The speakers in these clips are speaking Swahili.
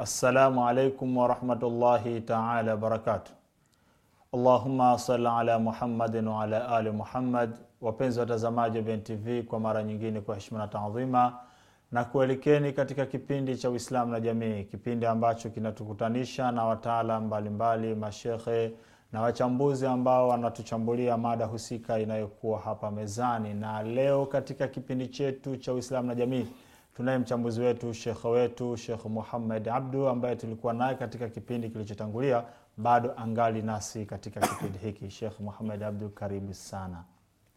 assalamu alaikum warahmatullahi taala wabarakatu. Allahumma salli ala Muhammadin wa ala ali Muhammad. Wapenzi watazamaji wa tv kwa mara nyingine, kwa heshima na taadhima na kuelekeni katika kipindi cha Uislamu na Jamii, kipindi ambacho kinatukutanisha na wataalam mbalimbali, mashekhe na wachambuzi ambao wanatuchambulia mada husika inayokuwa hapa mezani. Na leo katika kipindi chetu cha Uislamu na Jamii tunaye mchambuzi wetu shekhe wetu Shekh Muhammad Abdu ambaye tulikuwa naye katika kipindi kilichotangulia, bado angali nasi katika kipindi hiki. Shekh muhamed Abdu, karibu sana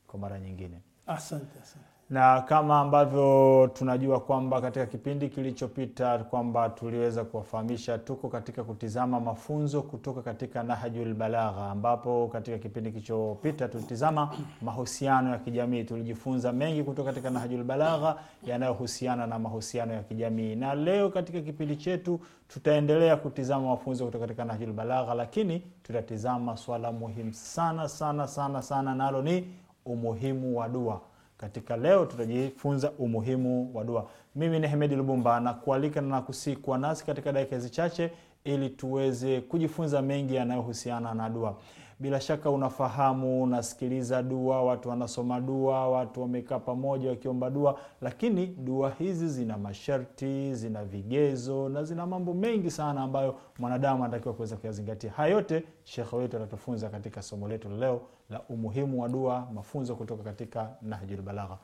kwa mara nyingine. Asante, asante na kama ambavyo tunajua kwamba katika kipindi kilichopita kwamba tuliweza kuwafahamisha tuko katika kutizama mafunzo kutoka katika Nahjul Balagha, ambapo katika kipindi kilichopita tulitizama mahusiano ya kijamii. Tulijifunza mengi kutoka katika Nahjul Balagha yanayohusiana na mahusiano ya kijamii, na leo katika kipindi chetu tutaendelea kutizama mafunzo kutoka katika Nahjul Balagha, lakini tutatizama swala muhimu sana sana sana sana, nalo ni umuhimu wa dua. Katika leo tutajifunza umuhimu wa dua. Mimi ni Hemedi Lubumba na kualika na nakusii kuwa nasi katika dakika hizi chache ili tuweze kujifunza mengi yanayohusiana na dua. Bila shaka unafahamu, unasikiliza dua, watu wanasoma dua, watu wamekaa pamoja wakiomba dua, lakini dua hizi zina masharti, zina vigezo na zina mambo mengi sana ambayo mwanadamu anatakiwa kuweza kuyazingatia. Haya yote shekhe wetu atatufunza katika somo letu leo la umuhimu wa dua, mafunzo kutoka katika Nahjul Balagha.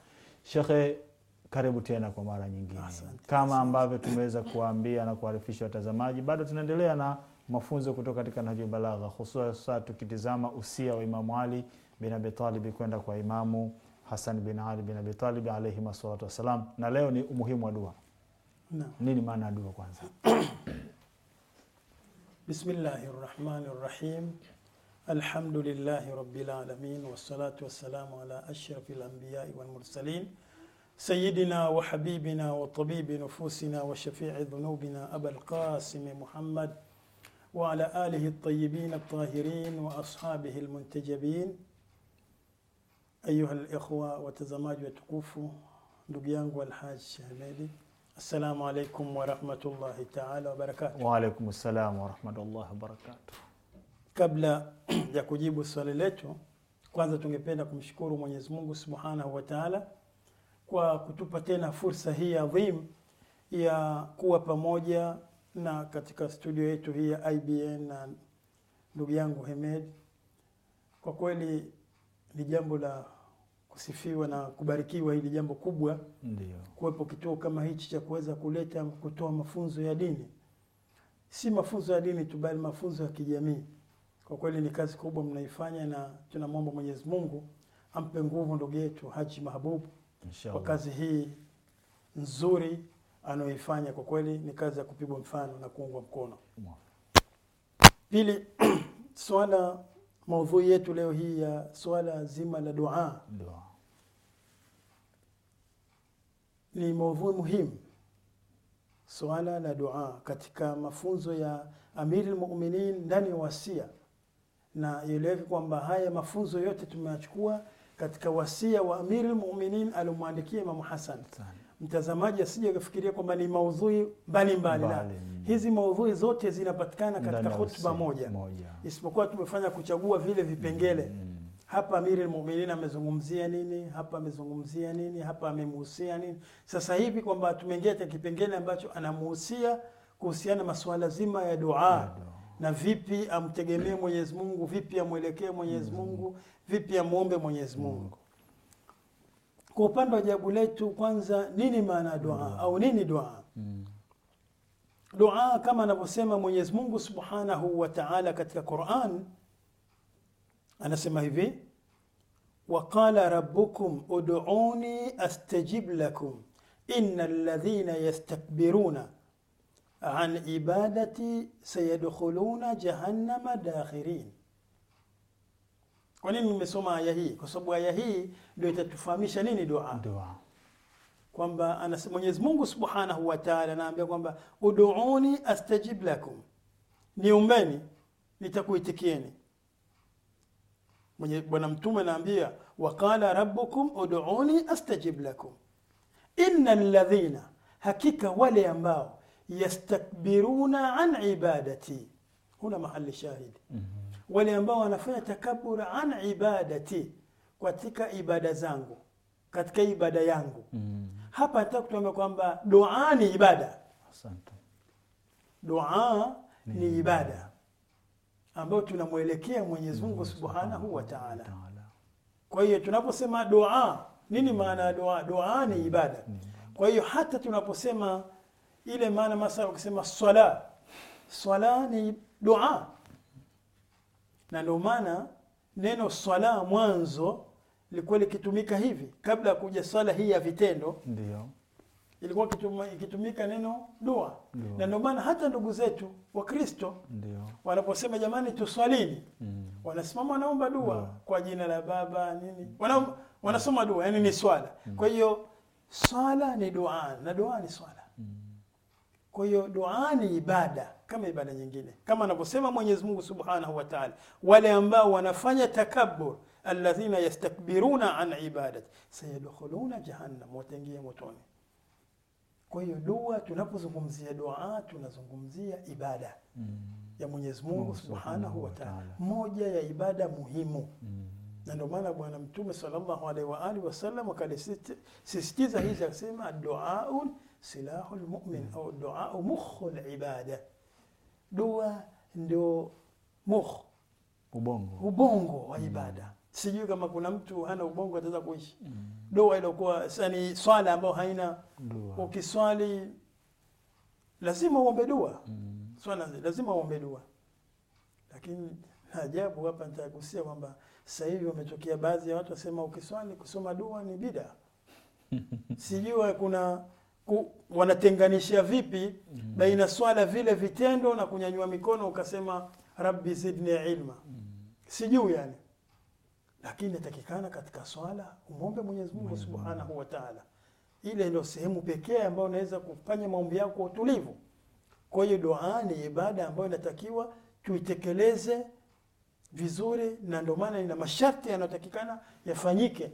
Shekhe, karibu tena kwa mara nyingine. asante, Kama ambavyo tumeweza kuwaambia na kuharifisha watazamaji, bado tunaendelea na mafunzo kutoka katika Nahjul Balagha, hususa tukitizama usia wa Imamu Ali bin Abi kwenda kwa Imamu Hasan bin Ali bin Abi Talib alayhi wassalatu wassalam, na leo ni umuhimu wa dua no. Nini maana ya dua kwanza? Bismillahirrahmanirrahim الحمد لله رب العالمين والصلاة والسلام على أشرف الأنبياء والمرسلين سيدنا وحبيبنا وطبيب نفوسنا وشفيع ذنوبنا أبا القاسم محمد وعلى آله الطيبين الطاهرين وأصحابه المنتجبين أيها الإخوة وتزماج وتقوفوا دقيانق والحاج حميدي السلام عليكم ورحمة الله تعالى وبركاته وعليكم السلام ورحمة الله وبركاته Kabla ya kujibu swali letu, kwanza tungependa kumshukuru Mwenyezi Mungu Subhanahu wa Ta'ala kwa kutupa tena fursa hii adhimu ya kuwa pamoja na katika studio yetu hii ya IBN na ndugu yangu Hemed. Kwa kweli ni jambo la kusifiwa na kubarikiwa hili jambo kubwa, ndio kuwepo kituo kama hichi cha kuweza kuleta kutoa mafunzo ya dini, si mafunzo ya dini tu, bali mafunzo ya kijamii kwa kweli ni kazi kubwa mnaifanya, na tunamwomba Mwenyezi Mungu ampe nguvu ndugu yetu Haji mahbub kwa kazi hii nzuri anayoifanya. Kwa kweli ni kazi ya kupigwa mfano na kuungwa mkono. Pili, swala maudhui yetu leo hii ya swala zima la dua, ni maudhui muhimu. Swala la dua katika mafunzo ya Amirul Mu'minin ndani ya wasia na ieleweke kwamba haya mafunzo yote tumeyachukua katika wasia wa Amiri Almu'minin alomwandikia Imamu Hasan. Mtazamaji asije akafikiria kwamba ni maudhui mbalimbali, la hizi maudhui zote zinapatikana katika hotuba moja, isipokuwa tumefanya kuchagua vile vipengele mm. mm. Hapa Amiri Almu'minin amezungumzia nini, hapa amezungumzia nini, hapa amemuhusia nini. Sasa hivi kwamba tumeingia katika kipengele ambacho anamuhusia kuhusiana masuala zima ya duaa. ya dua na vipi amtegemee Mwenyezi Mungu, vipi amwelekee Mwenyezi Mungu, vipi amwombe Mwenyezi Mungu. Kwa upande wa jawabu letu, kwanza, nini maana ya dua au nini dua? Dua kama anavyosema Mwenyezi Mungu Subhanahu wa Ta'ala katika Qur'an, anasema hivi waqala rabbukum ud'uni astajib lakum innal ladhina yastakbiruna an ibadati sayadkhuluna jahannama dakhirin. Kwa nini nimesoma aya hii? Kwa sababu aya hii ndio itatufahamisha nini dua, dua. Kwamba Mwenyezi Mungu Subhanahu wa Ta'ala anaambia kwamba uduuni astajib lakum, niumbeni nitakuitikieni. Mwenye Bwana Mtume anaambia waqala rabbukum uduuni astajib lakum, innal ladhina, hakika wale ambao yastakbiruna an ibadati, huna mahali shahidi mm -hmm. wale ambao wanafanya takabur an ibadati, katika ibada zangu, katika ibada yangu mm -hmm. Hapa nataka kutuambia kwamba dua ni ibada. Asante. Dua ni, ibada ambayo tunamwelekea Mwenyezi Mungu Subhanahu wa Ta'ala. Kwa hiyo tunaposema dua, nini mm. maana ya dua? Dua ni mm. ibada. Mm. Kwa hiyo hata tunaposema ile maana masa wakisema swala swala ni dua na ndio maana neno swala mwanzo lilikuwa likitumika hivi kabla ya kuja swala hii ya vitendo ndio ilikuwa ikitumika neno dua na ndio maana hata ndugu zetu wa Kristo wanaposema jamani tuswalini mm. wanasimama wanaomba dua Ndiyo. kwa jina la baba nini wanasoma dua yani ni swala mm. kwa hiyo swala ni dua na dua ni swala kwa hiyo dua ni ibada kama ibada nyingine, kama anavyosema Mwenyezi Mungu Subhanahu wa Ta'ala, wale ambao wanafanya takabbur, alladhina yastakbiruna an ibadati sayadkhuluna jahannam, wataingia motoni. Kwa hiyo dua, tunapozungumzia dua tunazungumzia ibada mm. ya Mwenyezi Mungu Subhanahu wa Ta'ala, moja ya ibada muhimu mm. na ndio maana Bwana Mtume sallallahu alaihi wa alihi wasallam akalisisitiza hizi akasema duaun silahu mumin au duau mukhul ibada. Dua ndio mukh, ubongo, ubongo wa mm. ibada mm. Sijui kama kuna mtu hana ubongo ataweza kuishi mm. Dua iliokuwa ni swala ambayo haina Ukiswali lazima uombe dua mm. Swala lazima uombe dua, lakini ajabu hapa nitagusia kwamba hivi wametokea baadhi ya watu wasema ukiswali kusoma dua ni bida. Sijui kuna ku, wanatenganisha vipi mm. baina swala vile vitendo na kunyanyua mikono ukasema rabbi zidni ilma mm. sijuu yani, lakini natakikana katika swala umwombe Mwenyezi Mungu subhanahu wa taala. Ile ndio sehemu pekee ambayo unaweza kufanya maombi yako kwa utulivu. Kwa hiyo dua ni ibada ambayo inatakiwa tuitekeleze vizuri, na ndio maana ina masharti yanayotakikana yafanyike,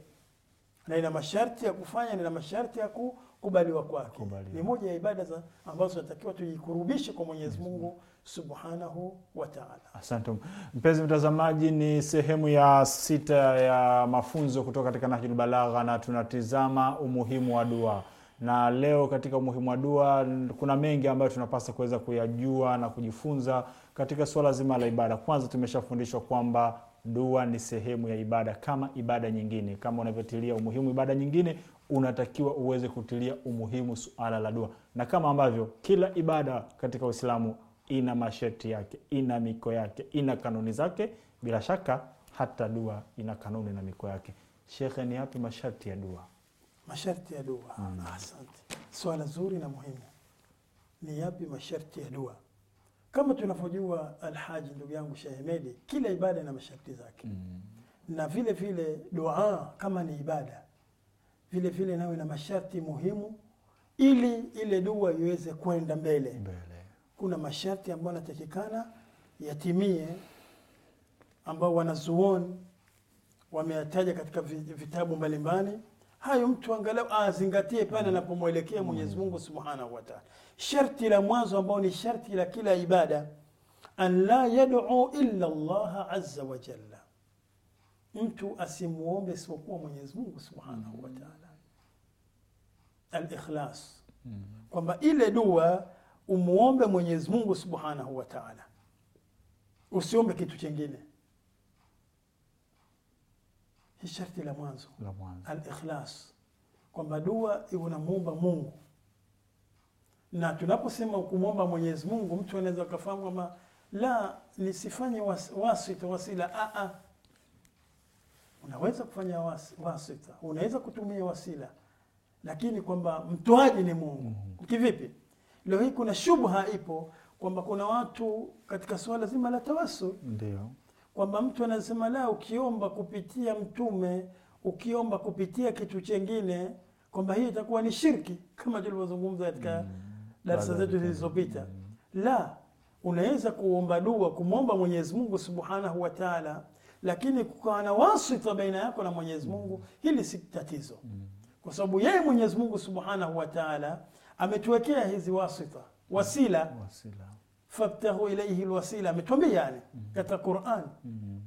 na ina masharti ya kufanya, ina masharti ya ku kubaliwa kwake ni moja ya ibada za ambazo tunatakiwa tujikurubishe kwa Mwenyezi Mungu subhanahu wa taala. Asante mpenzi mtazamaji, ni sehemu ya sita ya mafunzo kutoka katika Nahjul Balagha na tunatizama umuhimu wa dua na leo katika umuhimu wa dua kuna mengi ambayo tunapaswa kuweza kuyajua na kujifunza katika suala zima la ibada. Kwanza tumeshafundishwa kwamba dua ni sehemu ya ibada kama ibada nyingine. Kama unavyotilia umuhimu ibada nyingine, unatakiwa uweze kutilia umuhimu suala la dua, na kama ambavyo kila ibada katika Uislamu ina masharti yake, ina miko yake, ina kanuni zake, bila shaka hata dua ina kanuni na miko yake. Shekhe, ni yapi masharti ya dua? Masharti ya dua. Hmm. Asante, swala zuri na muhimu. Ni yapi masharti ya dua? Kama tunavyojua Alhaji, ndugu yangu Sheikh Hemedi, kila ibada ina masharti zake. Hmm. na vile vile dua kama ni ibada vile vile nawe na masharti muhimu, ili ile dua iweze kwenda mbele mbele. Kuna masharti ambayo yanatakikana yatimie, ambao wanazuoni wameyataja katika vitabu mbalimbali. Hayo mtu angalau azingatie pale mm. anapomwelekea mm. Mwenyezi Mungu Subhanahu wa Ta'ala. Sharti la mwanzo ambao ni sharti la kila ibada, an la yad'u illa Allah azza wa jalla mtu asimuombe isipokuwa Mwenyezi Mungu Subhanahu wa Ta'ala. Al-ikhlas, mm. kwamba ile dua umuombe Mwenyezi Mungu Subhanahu wa Ta'ala, usiombe kitu chingine hi sharti la mwanzo al-ikhlas, kwamba dua unamuomba Mungu. Na tunaposema kumwomba Mwenyezi Mungu, mtu anaweza akafahamu kwamba la nisifanye wasita wasila a a unaweza kufanya wasita, unaweza kutumia wasila, lakini kwamba mtoaji ni Mungu. mm -hmm. Kivipi? Leo hii kuna shubha ipo kwamba kuna watu katika suala zima la tawasul, ndio kwamba mtu anasema la, ukiomba kupitia mtume, ukiomba kupitia kitu chengine, kwamba hii itakuwa ni shirki, kama tulivyozungumza katika mm. -hmm. darasa zetu zilizopita. mm -hmm. La, unaweza kuomba dua, kumwomba Mwenyezi Mungu subhanahu wa taala lakini kukawa na wasifa baina yako na Mwenyezi Mungu, hili si tatizo, mm. kwa sababu yeye Mwenyezi Mungu Subhanahu wataala ametuwekea hizi wasifa wasila, fabtahu ilaihi lwasila ametwambia yani mm. katika Qur'an, mm.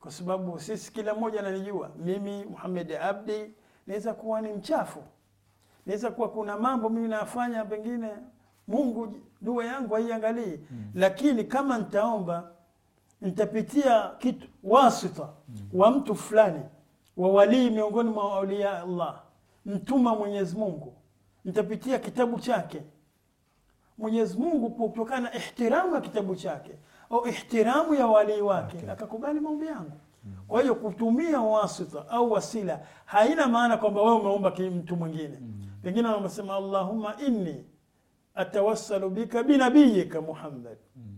kwa sababu sisi kila mmoja ananijua mimi muhamed Abdi naweza kuwa ni mchafu, naweza kuwa kuna mambo mimi nafanya pengine Mungu dua yangu haiangalii, lakini kama nitaomba nitapitia kitu wasita wa mtu fulani wa walii miongoni mwa aulia Allah, mtuma Mwenyezi Mungu, nitapitia kitabu chake Mwenyezi Mungu kutokana na ihtiramu ya kitabu chake au ihtiramu ya walii wake okay. Akakubali maombi yangu. Kwa hiyo kutumia wasita au wasila haina maana kwamba wewe umeomba mtu mwingine mm Pengine wanasema Allahumma inni atawassalu bika binabiyika Muhammad mm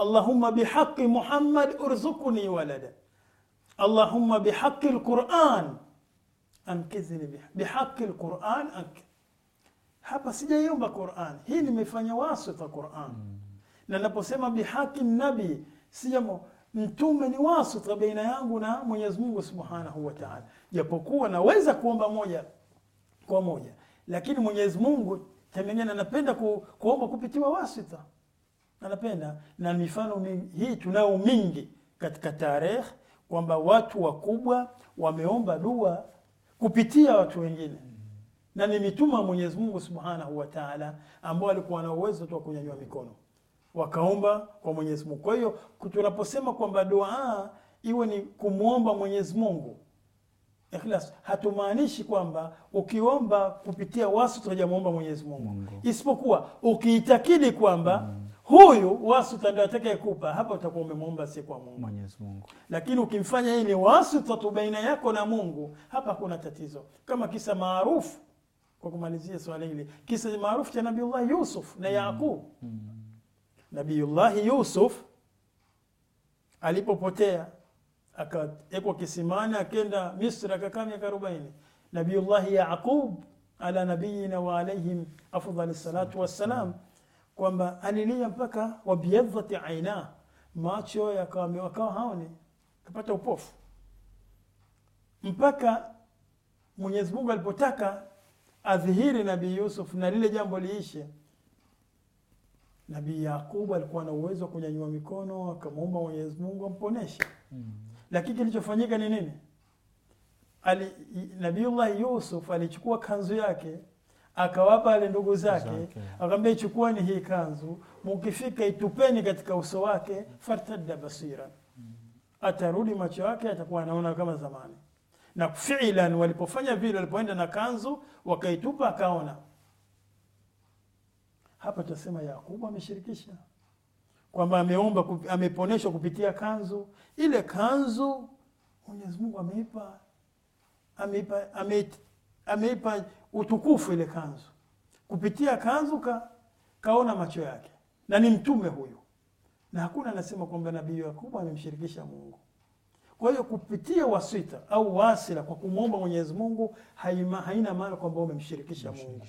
Allahumma bihaqi Muhammad urzukuni walada, Allahumma bihaqi lquran ankidhni, bihaqi lquran Hapa sijaiomba Quran, hii nimefanya wasita Quran na naposema bihaqi nabii sijamo mtume ni wasita baina yangu na Mwenyezi Mungu Subhanahu wa Ta'ala, japokuwa naweza kuomba moja kwa moja, lakini Mwenyezi Mungu tamenye anapenda ku, kuomba kupitiwa wasita anapenda na mifano mingi hii tunayo mingi katika tarehe kwamba watu wakubwa wameomba dua kupitia watu wengine na ni mituma Mwenyezi Mungu Subhanahu wa Ta'ala, ambao walikuwa na uwezo tu wa kunyanyua mikono wakaomba kwa Mwenyezi Mungu. Kwa hiyo tunaposema kwamba dua iwe ni kumwomba Mwenyezi Mungu ikhlas, hatumaanishi kwamba ukiomba kupitia wasu hujamwomba Mwenyezi Mungu, isipokuwa ukiitakidi kwamba mm huyu wasita ndio atakayekupa hapa, utakuwa umemwomba si kwa Mungu, Mwenyezi Mungu. Lakini ukimfanya yeye ni wasitatu baina yako na Mungu, hapa kuna tatizo, kama kisa maarufu kwa kumalizia swali hili, kisa maarufu cha Nabiullahi Yusuf na mm. Yaqub. Hmm. Nabiullahi Yusuf alipopotea akawekwa kisimani, akenda Misri, akakaa miaka arobaini. Nabiullahi Yaqub ala nabiyina wa alaihim afdhali salatu wassalam mm -hmm kwamba alilia mpaka wabiadhati aina macho yakawamewakawa haoni kapata upofu mpaka Mwenyezi Mungu alipotaka adhihiri Nabii Yusuf na lile jambo liishe, Nabii Yakubu alikuwa na uwezo wa kunyanyua mikono akamwomba Mwenyezi Mungu amponeshe. mm -hmm. Lakini kilichofanyika ni nini? Ali Nabiiullah Yusuf alichukua kanzu yake akawapa wale ndugu zake, Akawambia chukueni hii kanzu, mukifika itupeni katika uso wake, fartadda basira, atarudi macho yake, atakuwa anaona kama zamani. Na fiilan, walipofanya vile, walipoenda na kanzu wakaitupa, akaona. Hapa tutasema Yakubu ameshirikisha kwamba ameomba, ameponeshwa kupitia kanzu. Ile kanzu Mwenyezi Mungu ameipa ameipa ame ameipa utukufu ile kanzu, kupitia kanzu ka, kaona macho yake, na ni mtume huyu, na hakuna anasema kwamba nabii Yakubu amemshirikisha Mungu. Kwa hiyo kupitia wasita au wasila kwa kumwomba Mwenyezi Mungu haima, haina maana kwamba umemshirikisha Mungu,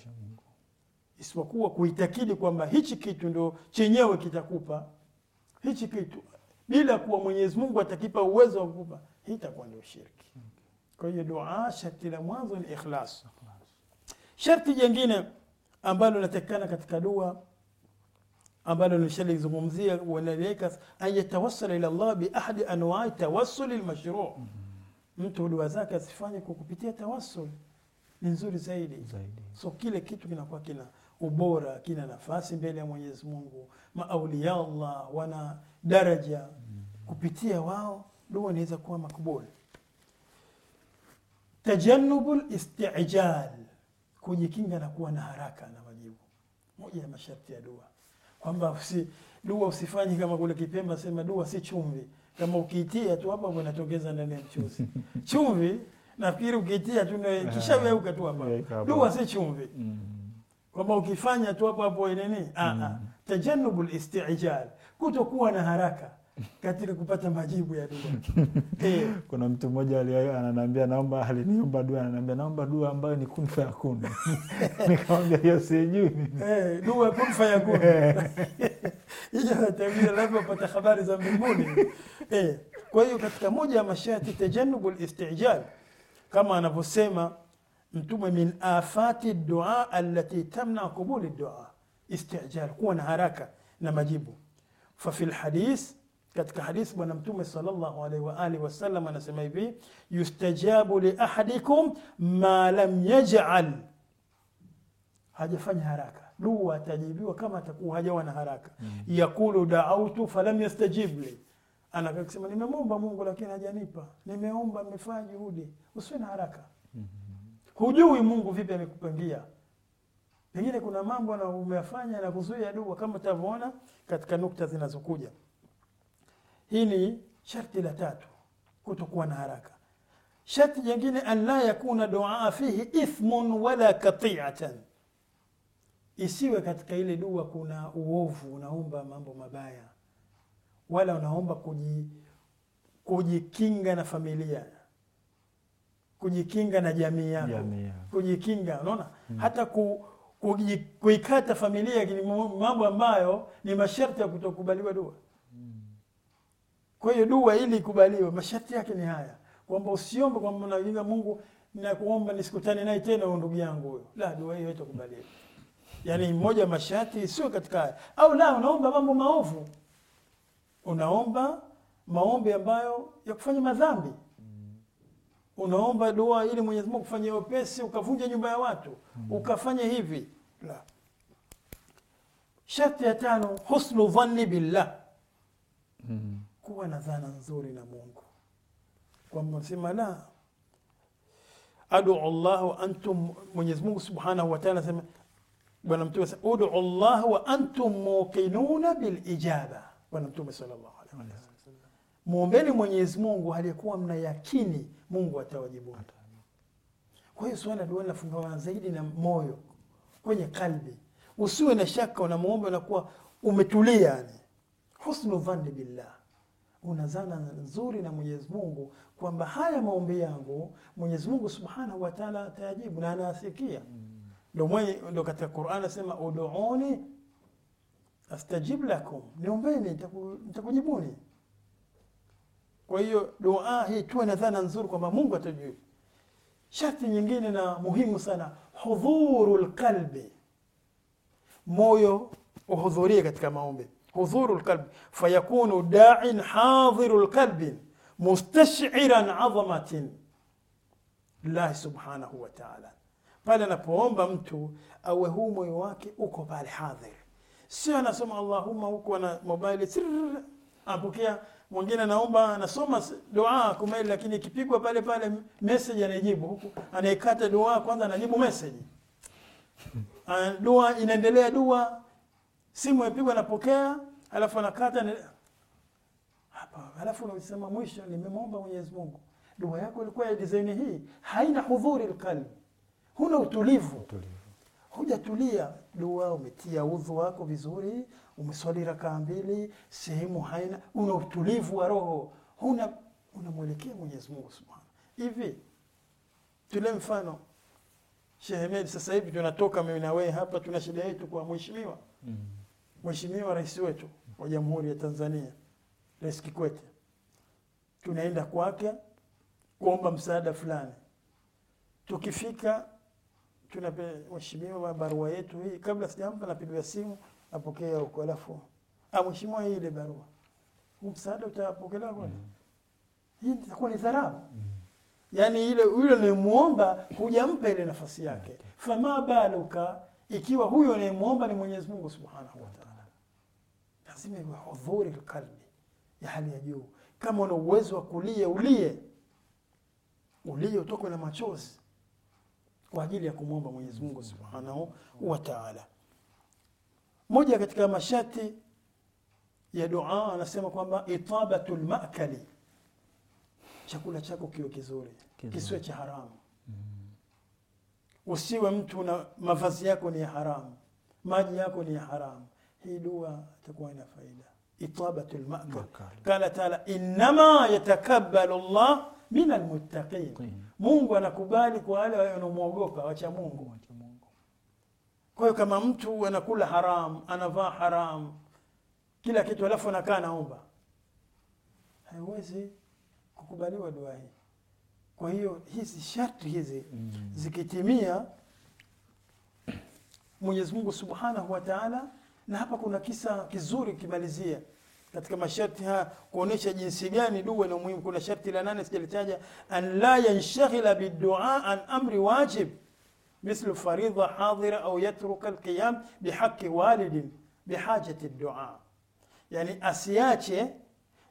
isipokuwa kuitakidi kwamba hichi kitu ndio chenyewe kitakupa hichi kitu, bila kuwa Mwenyezi Mungu atakipa uwezo wa kukupa, hii itakuwa ni ushiriki. Hmm. Kwa hiyo dua sharti la mwanzo ni ikhlas. Sharti jingine ambalo linatakikana katika dua ambalo nishalizungumzia wanaliweka an ila Allah bi ahadi anwai tawassuli almashru. Mtu dua zake asifanye kwa kupitia tawassul, ni nzuri zaidi. So kile kitu kinakuwa kina ubora, kina nafasi mbele ya Mwenyezi Mungu, maaulia Allah wana daraja, mm. kupitia wao dua inaweza kuwa makubuli tajanubu listijal kujikinga na kuwa na haraka na majibu, moja ya masharti ya dua, kwamba usi, dua usifanye kama kule Kipemba, sema dua si chumvi, kama ukiitia tu hapa unatokeza ndani ya mchuzi chumvi. Nafikiri ukiitia tu kishaweuka tu hapa. Dua si chumvi, mm-hmm. kwamba ukifanya tu hapo hapo nini. Ah, ah. Mm-hmm. tajanubul listijal, kutokuwa na haraka katika kupata majibu ya dua eh. Kuna mtu mmoja ananiambia naomba, aliniomba dua, ananiambia naomba dua ambayo ni kunfa ya fayakun. Nikamwambia hiyo sijui nini eh, dua kun fayakun hiyo natabia, lazima upate habari za mbinguni eh, Kwa hiyo katika moja ya masharti tajanubu listijal, kama anavyosema Mtume, min afati dua alati tamna kubuli dua istijal, kuwa na haraka na majibu. fafi lhadith katika hadithi Bwana Mtume sallallahu alaihi wa alihi wasallam anasema hivi, yustajabu li ahadikum ma lam yaj'al, hajafanya haraka dua atajibiwa kama atakuwa hajawa na haraka. mm -hmm. Yakulu daautu falam yastajib li, anakasema kusema Mungu lakini hajanipa, nimeomba nimefanya juhudi. Usiwe na haraka. mm -hmm. Hujui Mungu vipi amekupangia pengine kuna mambo na umeyafanya na kuzuia dua, kama utavyoona katika nukta zinazokuja. Hili sharti la tatu, kutokuwa na haraka. Sharti jingine, an la yakuna duaa fihi ithmun wala katiatan, isiwe katika ile dua kuna uovu, unaomba mambo mabaya wala unaomba kujikinga na familia, kujikinga na jamii yako, kujikinga. Unaona hmm. hata ku, kuikata familia ni mambo ambayo ni masharti ya kutokubaliwa dua. Kwa hiyo dua ili ikubaliwe, masharti yake ni haya, kwamba usiombe kwamba naingia Mungu, ninakuomba nisikutane naye tena huyo ndugu yangu huyo, la, dua hiyo haitakubaliwa. Yaani mmoja masharti sio katika haya, au la, unaomba mambo maovu, unaomba maombi ambayo ya kufanya madhambi unaomba dua ili Mwenyezi Mungu kufanya upesi ukavunja nyumba ya watu mm. ukafanya hivi la. Sharti ya tano husnu dhanni billah mm kuwa na dhana nzuri na Mungu, kwamba sema la adu Allah antum, Mwenyezi Mungu Subhanahu wa Ta'ala sema Bwana Mtume sema udu Allah wa antum muqinuna bil ijaba. Bwana Mtume sallallahu alaihi wasallam, muombeni Mwenyezi Mungu aliyekuwa mna yakini Mungu atawajibu. Kwa hiyo swala dua linafungamana zaidi na moyo, kwenye kalbi, usiwe na shaka, unamuomba na kuwa umetulia, yani husnu dhanni billah una zana nzuri na Mwenyezi Mungu kwamba haya maombi yangu Mwenyezi Mungu Subhanahu wa Ta'ala atayajibu na anasikia. Mm. Ndio mwenye ndio katika Qur'an anasema ud'uni astajib lakum, niombeni nitakujibuni. Kwa hiyo dua hii tuwe na dhana nzuri kwamba Mungu atajibu. Sharti nyingine na muhimu sana, hudhurul qalbi, moyo uhudhurie katika maombi hudhuru lqalbi fayakunu dain hadhiru lqalbi mustashiran adhamatin llahi subhanahu wataala. Pale anapoomba mtu awe huu moyo wake uko pale hadhir, sio anasoma allahuma huku ana mobaili apokea mwingine anaomba anasoma dua kumaili, lakini ikipigwa pale pale meseji anaijibu huku, anaekata dua kwanza anajibu meseji ah, dua inaendelea dua simu ipigwa, napokea, alafu anakata ni... hapa, alafu unasema mwisho, nimemwomba Mwenyezi Mungu, dua yako ilikuwa ya design hii, haina hudhuri alqalbi, huna utulivu, utulivu. Hujatulia, dua umetia udhu wako vizuri, umeswali rakaa mbili, sehemu haina, una utulivu wa roho, huna unamwelekea Mwenyezi Mungu subhanahu. Hivi tule mfano Shehemeli, sasa hivi tunatoka mimi na wewe hapa, tuna shida yetu kwa mheshimiwa mm. -hmm. Mheshimiwa Rais wetu wa Jamhuri ya Tanzania, Rais Kikwete, tunaenda kwake kuomba msaada fulani. Tukifika tuna mheshimiwa, barua yetu hii, kabla sijampa napiga simu, napokea huko, alafu ah, mheshimiwa, hii ile barua, msaada utapokelewa mm -hmm. Hii itakuwa ni dharau. Mm-hmm. Yani ile yule unayemuomba hujampa ile nafasi yake. Mm-hmm. Fama baluka ikiwa huyo unayemuomba ni Mwenyezi Mungu Subhanahu wa Ta'ala lazima iwe hudhuri lkalbi ya hali ya juu. Kama una uwezo wa kulie ulie, ulie, utokwe na machozi kwa ajili ya kumwomba mwenyezimungu subhanahu wa taala. Moja katika masharti ya dua anasema kwamba itabatu lmakali, chakula chako kiwe kizuri, kisiwe cha haramu. Usiwe mtu na mavazi yako ni ya haramu, maji yako ni ya haramu hii dua itakuwa ina faida itabat lmakal qala taala innama yatakabalu llah min almuttaqin mungu anakubali kwa wale wanaomwogopa wacha mungu kwa hiyo kama mtu anakula haramu anavaa haramu kila kitu alafu anakaa naomba haiwezi kukubaliwa dua hii kwa hiyo hizi sharti hizi mm. zikitimia mwenyezi mungu subhanahu wa taala na hapa kuna kisa kizuri kimalizia katika masharti haya kuonesha jinsi gani dua na muhimu. Kuna sharti la nane sijalitaja, an la yanshaghila biddua an amri wajib mithlu faridha hadhira au yatruka alqiyam bihaqi walidin bihajati dua, yani asiache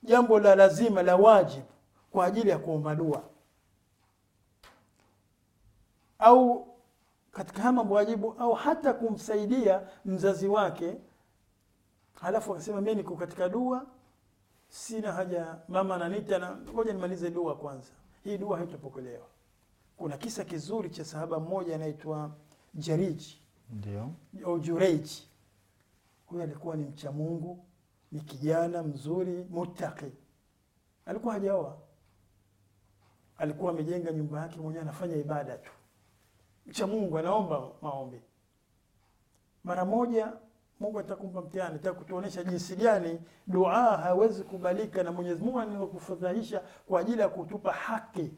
jambo la lazima la wajib kwa ajili ya kuomba dua au katika haya mambo wajibu au hata kumsaidia mzazi wake, halafu akasema mimi niko katika dua, sina haja mama nanita na ngoja nimalize dua kwanza. Hii dua haitopokelewa Kuna kisa kizuri cha sahaba mmoja anaitwa Jariji, au Jureji. Huyu alikuwa ni mcha Mungu, ni kijana mzuri, mutaki alikuwa hajaoa, alikuwa amejenga nyumba yake mwenyewe, anafanya ibada tu mcha Mungu anaomba maombi. Mara moja Mungu atakumpa mtihani, atakutuonesha jinsi gani dua hawezi kubalika na Mwenyezi Mungu anakufadhaisha kwa ajili ya kutupa haki.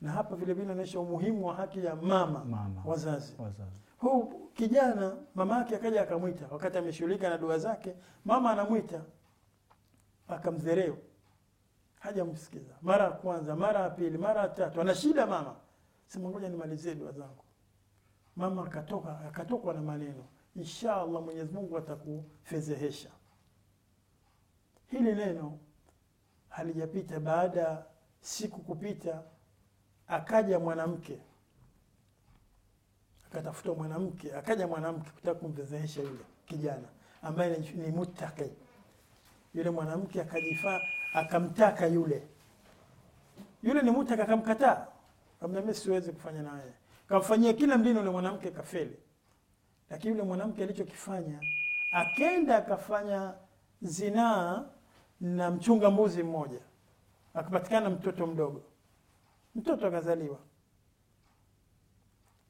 Na hapa vile vile inaonyesha umuhimu wa haki ya mama, mama wazazi. Wazazi. Huu kijana mama yake akaja akamwita wakati ameshughulika na dua zake, mama anamwita akamdhereu, hajamsikiza. Mara ya kwanza, mara ya pili, mara ya tatu, ana shida mama Sema ngoja nimalizie dua zangu. Mama akatoka akatokwa na maneno, insha Allah Mwenyezi Mungu atakufedhehesha. Hili neno halijapita, baada siku kupita, akaja mwanamke akatafuta mwanamke, akaja mwanamke kutaka kumfedhehesha yule kijana ambaye ni mutaki. Yule mwanamke akajifaa, akamtaka yule yule ni mutaki, akamkataa Akamwambia mimi siwezi kufanya wewe. Kamfanyia kila mbinu yule mwanamke kafeli. Lakini yule mwanamke alichokifanya akenda akafanya zinaa na mchunga mbuzi mmoja. Akapatikana mtoto mdogo. Mtoto akazaliwa.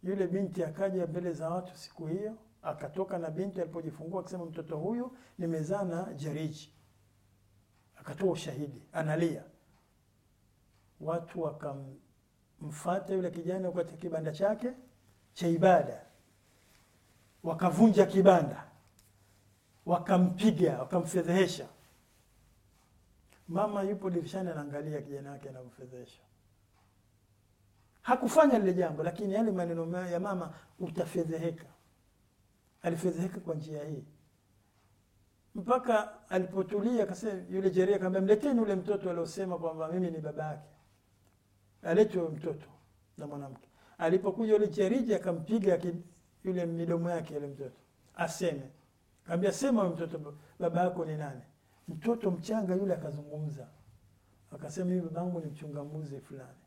Yule binti akaja mbele za watu siku hiyo, akatoka na binti alipojifungua akisema, mtoto huyu nimezaa na Jariji. Akatoa ushahidi, analia. Watu wakam mfate yule kijana huko katika kibanda chake cha ibada, wakavunja kibanda, wakampiga, wakamfedhehesha. Mama yupo dirishani anaangalia kijana wake anamfedhehesha. Hakufanya lile jambo, lakini yale maneno ya mama, utafedheheka. Alifedheheka kwa njia hii mpaka alipotulia, kasema yule jeria, kaambia mleteni ule mtoto aliosema kwamba mimi ni baba yake aletwe mtoto na mwanamke. Alipokuja yule cheriji akampiga yule midomo yake yule mtoto aseme, kaambia sema mtoto, baba yako ni nani? Mtoto mchanga yule akazungumza akasema, hii babangu ni mchungamuzi fulani.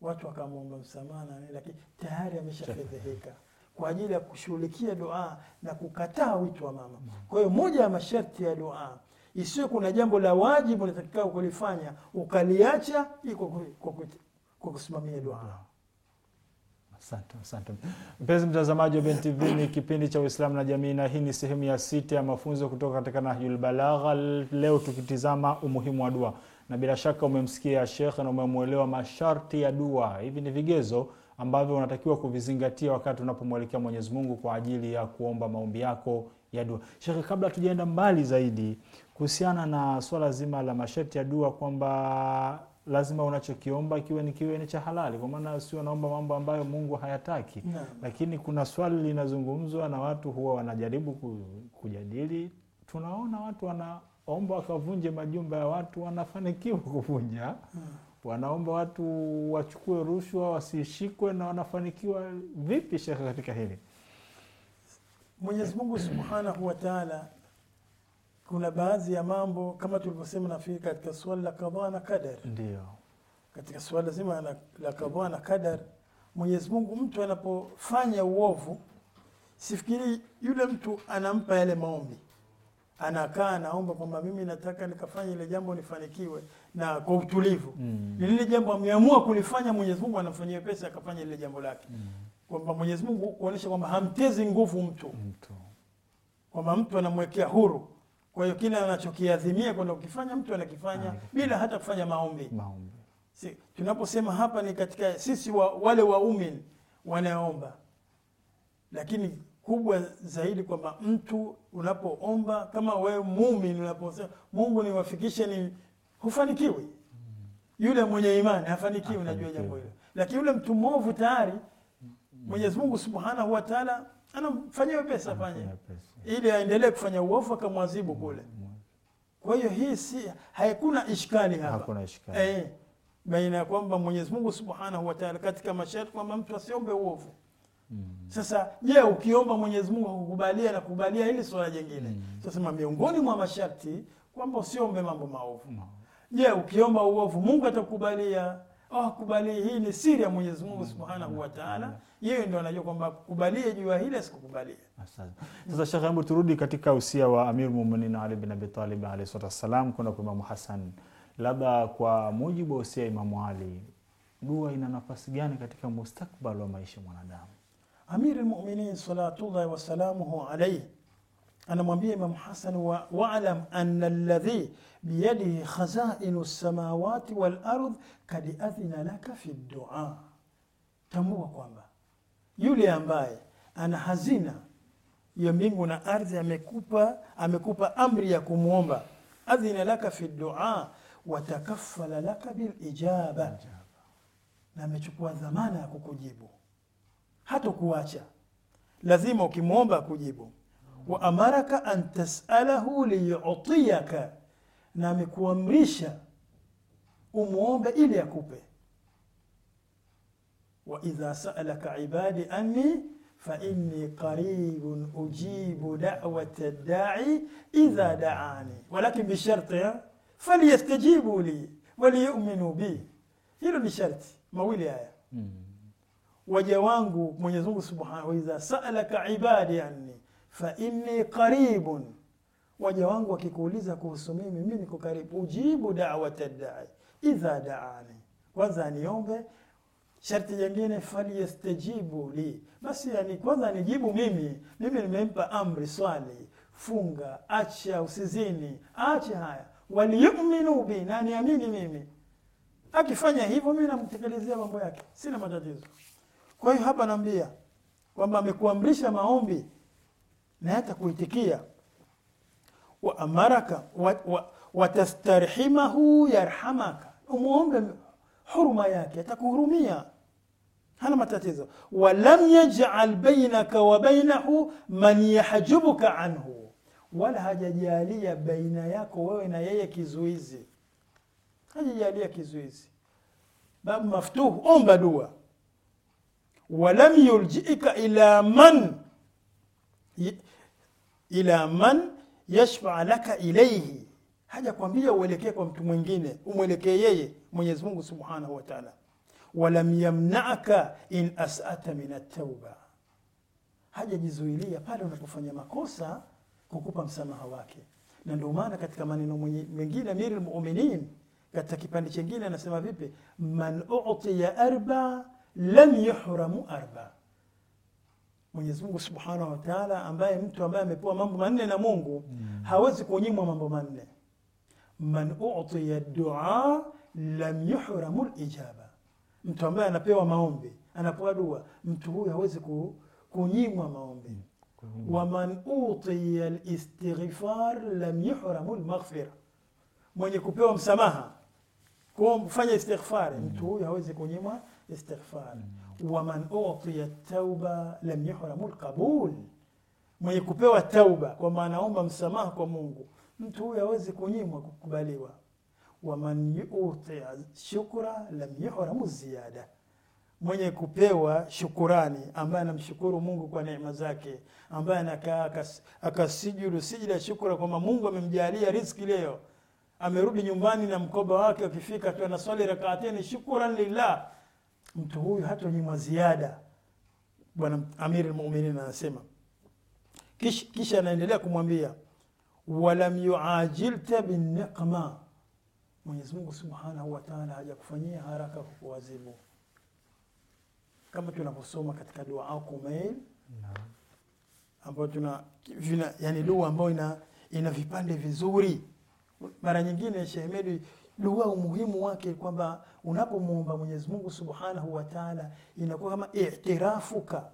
Watu wakamwomba msamaha, lakini tayari ameshafedheheka kwa ajili ya kushughulikia doa na kukataa wito wa mama. Kwa hiyo moja ya masharti ya doa isiwe kuna jambo la wajibu unatakikana kulifanya ukaliacha kwa kusimamia dua. Asante, mpenzi mtazamaji wa bntv ni kipindi cha Uislamu na Jamii, na hii ni sehemu ya sita ya mafunzo kutoka katika nahyulbalagha leo tukitizama umuhimu wa dua, na bila shaka umemsikia Shekh na umemwelewa masharti ya dua. Hivi ni vigezo ambavyo unatakiwa kuvizingatia wakati unapomwelekea Mwenyezi Mungu kwa ajili ya kuomba maombi yako ya dua. Shekh, kabla tujaenda mbali zaidi, kuhusiana na swala zima la masharti ya dua kwamba lazima unachokiomba kiwe ni kiwe ni cha halali, kwa maana sio naomba mambo ambayo Mungu hayataki na. Lakini kuna swali linazungumzwa na watu huwa wanajaribu kujadili. Tunaona watu wanaomba wakavunje majumba ya watu, wanafanikiwa kuvunja hmm. Wanaomba watu wachukue rushwa wasishikwe, na wanafanikiwa vipi, shekhe, katika hili? Mwenyezi Mungu Subhanahu wa Ta'ala kuna baadhi ya mambo kama tulivyosema, nafikiri katika suala la kadhaa na kadar ndio katika suala zima la kadhaa na kadar Mwenyezi Mungu mtu anapofanya uovu, sifikiri yule mtu anampa yale maombi, anakaa anaomba kwamba mimi nataka nikafanye ile jambo nifanikiwe, na kwa utulivu mm. lile jambo ameamua kulifanya, Mwenyezi Mungu anamfanyia pesa akafanya lile jambo lake mm. kwamba Mwenyezi Mungu kuonesha kwamba hamtezi nguvu mtu, mtu. kwamba mtu anamwekea huru mm. Kwa hiyo kila anachokiadhimia kwenda kukifanya mtu anakifanya bila hata kufanya maombi. Maombi. Si, tunaposema hapa ni katika sisi wa, wale waumini wanaomba, lakini kubwa zaidi kwamba mtu unapoomba kama wewe muumini, unaposema Mungu niwafikishe, ni hufanikiwi. Yule mwenye imani hafanikiwi, unajua jambo hilo, lakini yule mtu mwovu tayari Mwenyezi Mungu Subhanahu wa Ta'ala anamfanyia wepesi afanye ili aendelee kufanya uovu akamwadhibu mm, kule. Mm. Kwa hiyo hii si hakuna ishkali hapa, hakuna ishkali eh, baina ya kwamba Mwenyezi Mungu Subhanahu wa Ta'ala katika masharti kwamba mtu asiombe uovu mm. Sasa je, ukiomba Mwenyezi Mungu akukubalia na kukubalia hili swala jingine mm. Sasa miongoni mwa masharti kwamba usiombe mambo maovu mm. Je, ukiomba uovu Mungu atakukubalia oh, kubali hii ni siri ya Mwenyezi Mungu mm, Subhanahu mm, wa Ta'ala, mm. yeye ndio anajua kwamba kukubalie juu ya hili Asante. Sasa Sheikh Abu, turudi katika usia wa Amir Mu'minin Ali bin Abi Talib alayhi salatu wassalam kwenda kwa Imam Hassan, labda kwa mujibu wa usia Imam Ali, dua ina nafasi gani katika mustakbal wa maisha mwanadamu? Amir al-Mu'minin salatullahi wasalamuhu alayhi anamwambia Imam Hassan, wa alam anna alladhi biyadihi khazainu lsamawati wal kad adhina laka fi dua, tambua kwamba yule ambaye ana hazina ya mbingu na ardhi amekupa amekupa amri ya kumwomba, adhina laka fi dua watakafala laka bilijaba na amechukua dhamana ya kukujibu, hata kuacha lazima ukimwomba kujibu. waamaraka an tasalahu liyutiyaka na amekuamrisha umuombe ili akupe wa idha sa'alaka ibadi anni fa inni qaribun ujibu da'wata da'i idha da'ani walakin bisharti sharti falyastajibu li waliyu'minu bi hilo ni sharti mawili haya waja wangu Mwenyezi Mungu Subhanahu wa idha sa'alaka ibadi anni fa inni qaribun waja wangu wakikuuliza kuhusu mimi, mi niko karibu. Ujibu da'wata da'i idha da'ani, kwanza aniombe. Sharti jingine falyastajibu li, basi yani kwanza nijibu mimi. Mimi nimempa amri, swali, funga, acha usizini, acha haya. Waliyuminu bi, na niamini mimi. Akifanya hivyo, mimi namtekelezea mambo yake, sina matatizo. Kwa hiyo hapa naambia kwamba amekuamrisha maombi na hata kuitikia وأمرك وتسترحمه يرحمك أمهم حرمة ياك تكورمية هل ما تتزو ولم يجعل بينك وبينه من يحجبك عنه ولا هجالية بين ياك وين ياك زويزي هجالية كزويزي باب مفتوح أم بدوة ولم يلجئك إلى من إلى من yashfaa laka ilaihi, haja kwambia uelekee kwa mtu mwingine, umwelekee yeye Mwenyezi Mungu subhanahu wa taala. Walam yamnaaka in asata min atauba, hajajizuilia pale unapofanya makosa kukupa msamaha wake. Na ndio maana katika maneno mengine amiri lmuminin katika kipande chengine anasema vipi, man utiya arba lam yuhramu arba Mwenyezi Mungu Subhanahu wa Ta'ala, ambaye mtu ambaye amepewa mambo manne na Mungu mm. hawezi kunyimwa mambo manne. Man utiya dua lam yuhramu lijaba, mtu ambaye anapewa maombi, anapewa dua, mtu huyu hawezi kunyimwa maombi mm. waman utiya listighfar lam yuhramu lmaghfira, mwenye kupewa msamaha, kufanya istighfari, mm. mtu huyu hawezi kunyimwa istighfari mm waman utiya tauba lam yuhramu lqabul, mwenye kupewa tauba kwamba anaomba msamaha kwa Mungu, mtu huyo hawezi kunyimwa kukubaliwa. Waman utiya shukra lam yuhramu ziyada, mwenye kupewa shukurani ambaye anamshukuru Mungu kwa neema zake, ambaye anakaa akasijudu sijida shukra kwamba Mungu amemjalia riziki leo, amerudi nyumbani na mkoba wake, akifika tu anaswali rakaateni shukran lillah mtu huyu hata nyimwa ziada. Bwana Amir al anasema kisha, anaendelea kumwambia walam yuajilta binniqma, mwenyezimungu Subhanahu wataala hajakufanyia haraka kwa kuwazibu, kama tunavyosoma katika dua Kumail ambayo tuna vina, yani dua ambayo ina, ina vipande vizuri. Mara nyingine Sheikh lugha umuhimu wake kwamba unapomwomba Mwenyezi Mungu Subhanahu wa Ta'ala inakuwa kama i'tirafuka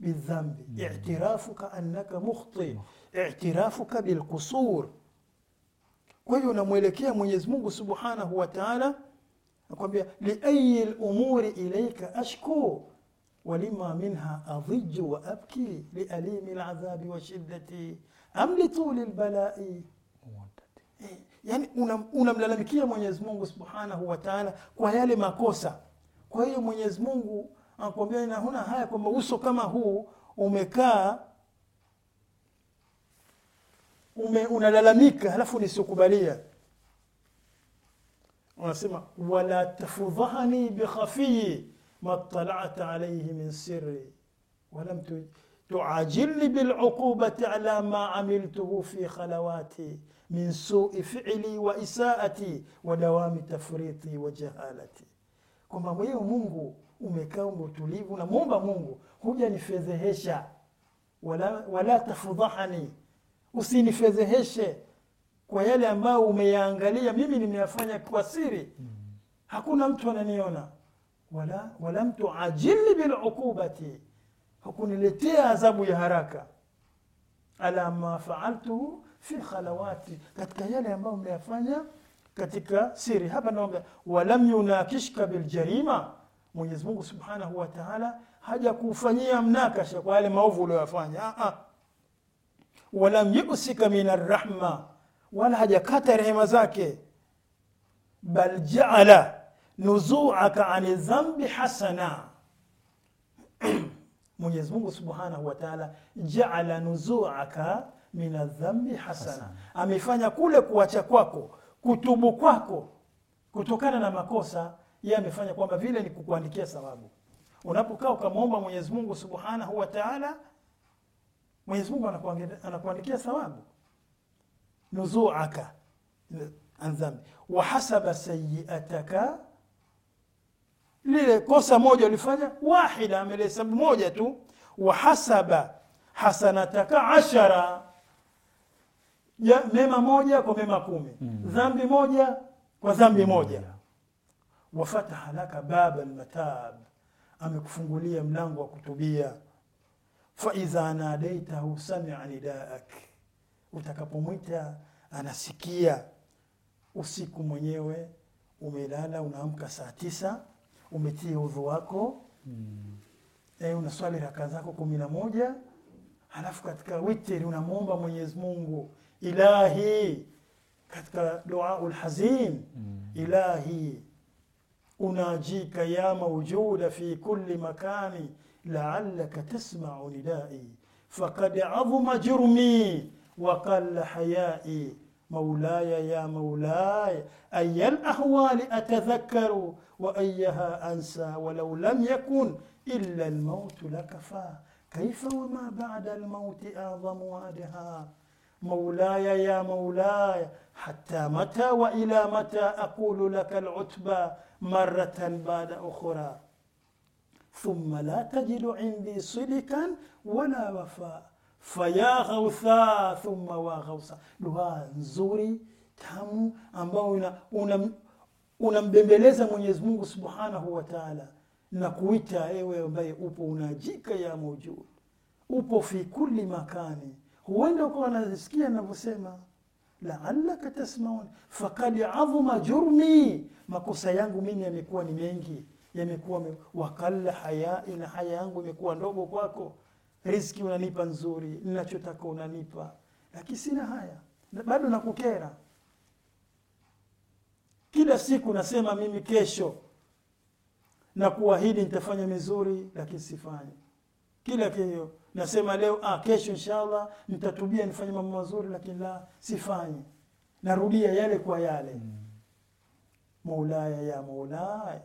bidhambi mm -hmm. i'tirafuka annaka mukhti i'tirafuka bilqusur kwa hiyo unamwelekea Mwenyezi Mungu Subhanahu wa Ta'ala akwambia al-umuri ilayka ashku walima minha adhiju wa abki li al-adhabi wa shiddati am li lituli lbalai yani unamlalamikia una Mwenyezi Mungu Subhanahu wataala kwa yale makosa. Kwa hiyo Mwenyezi Mungu anakuambia nahuna haya kwamba uso kama huu umekaa ume, unalalamika halafu nisiokubalia Unasema wala tafudhahani bikhafiyi ma alaihi min siri walam yuajilni biluqubati ala ma amiltuhu fi khalawati min sui fili wa isaati wa dawami tafriti wa jahalati, kwamba kwa Mungu umekaa utulivu, namwomba Mungu huja nifedhehesha wala, wala tafudhahani, usinifedheheshe kwa yale ambayo umeyaangalia mimi nimeyafanya kwa siri, hakuna mtu ananiona, wala, wala mtu ajili biluqubati hakuniletea adhabu ya haraka ala ma faaltuhu fi khalawati, katika yale ambayo mleyafanya katika siri. Hapa naomba walam yunakishka biljarima, Mwenyezi Mungu subhanahu wa hajakufanyia mnakasha kwa yale maovu ulioyafanya Walam yusika min arrahma, wala hajakata rehema zake. Bal jaala nuzuaka ani dhambi hasana Mwenyezi Mungu Subhanahu wa Ta'ala, jaala nuzuaka min adhambi hasana, amefanya kule kuacha kwako kutubu kwako kutokana na makosa, yeye amefanya kwamba vile ni kukuandikia sababu Unapokaa ukamwomba Mwenyezi Mungu Subhanahu wa Ta'ala, Mwenyezi Mungu anakuandikia sababu nuzuaka an dhambi wa hasaba sayyi'ataka lile kosa moja ulifanya wahida, amelihesabu moja tu. Wahasaba hasanataka ashara, mema moja kwa mema kumi mm. dhambi moja kwa dhambi moja. Wafataha laka baba lmatab amekufungulia mlango wa kutubia. Faidha nadaitahu samia nidaak, utakapomwita anasikia. Usiku mwenyewe umelala, unaamka saa tisa umetia udhu wako mm. Eh, una swali raka zako kumi na moja halafu katika witiri unamwomba Mwenyezi Mungu ilahi katika dua ulhazim mm. ilahi unajika ya maujuda fi kulli makani laallaka tasmau nidai faqad adhuma jurmi wa qalla hayai مولاي يا مولاي أي الأهوال أتذكر وأيها أنسى ولو لم يكن إلا الموت لكفى كيف وما بعد الموت أعظم وادها مولاي يا مولاي حتى متى وإلى متى أقول لك العتبى مرة بعد أخرى ثم لا تجد عندي صدقا ولا وفاء فيا غوثا ثم وغوثا دعاء نزوري تامو أمبونا unambembeleza mwenyezi mungu subhanahu wa taala na kuita ewe ambaye upo unajika, ya maujud upo fi kulli makani huenda ukawa nasikia navyosema laalaka tasmaun fakad adhuma jurmi makosa yangu mimi yamekuwa ni mengi yamekuwa wakalla haya, ina haya yangu imekuwa ndogo kwako riziki unanipa nzuri ninachotaka unanipa lakini sina haya bado nakukera kila siku nasema mimi kesho na kuahidi nitafanya mizuri lakini sifanyi kila kio nasema leo ah, kesho inshallah nitatubia nifanye mambo mazuri lakini la sifanyi narudia yale kwa yale mm. maulaya ya maulaya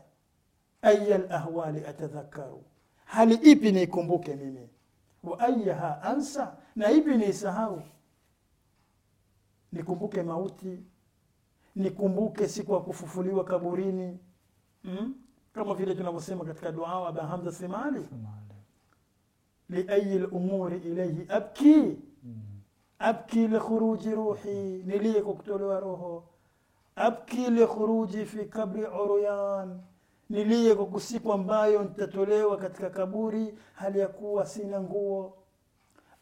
aya lahwali atadhakaru hali ipi niikumbuke mimi wa ayaha ansa na ipi niisahau nikumbuke mauti nikumbuke siku ya kufufuliwa kaburini mm? kama vile tunavyosema katika dua wa Hamza Simali, liayi lumuri ilaihi abki mm. abki likhuruji ruhi, niliye kwa roho. Abki likhuruji fi kabri uryan, niliye kwa ambayo nitatolewa katika kaburi hali ya kuwa sina nguo.